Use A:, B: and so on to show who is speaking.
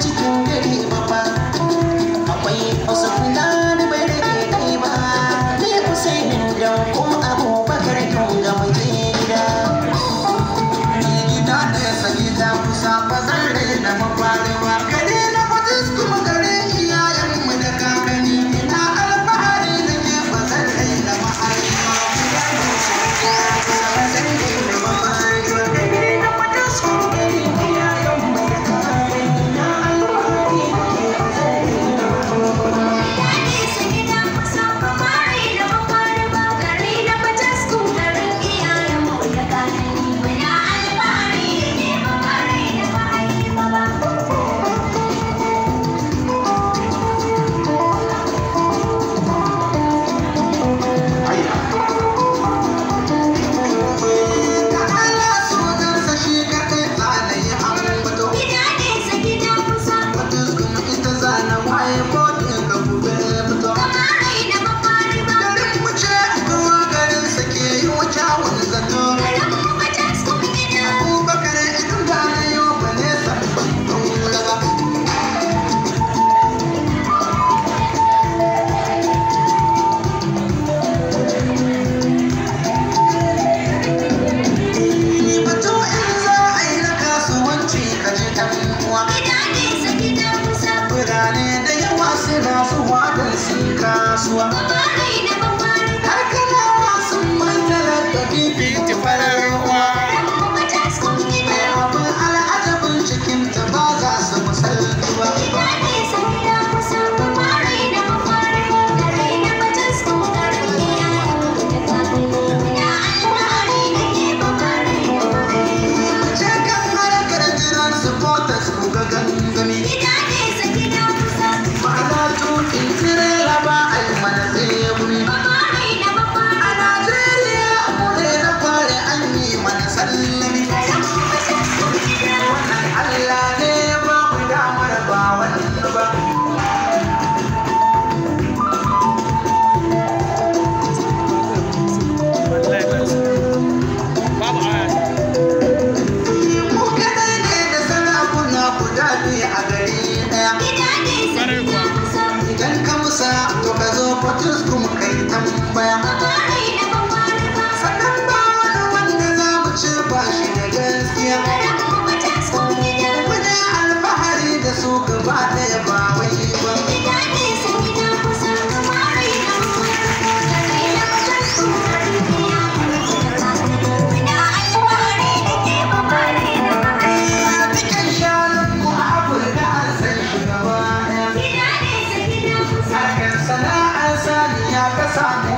A: cikin gari ba akwai wasu fulani bai rage kai ba ni kusainin da kuma abubakar yau ga muke gida ni gida ɗaya sai ta kusa ba zan raina mafarin guda biyu a gari ɗaya. Idan ka musa to ka zo Portus kuma kai tambaya. casa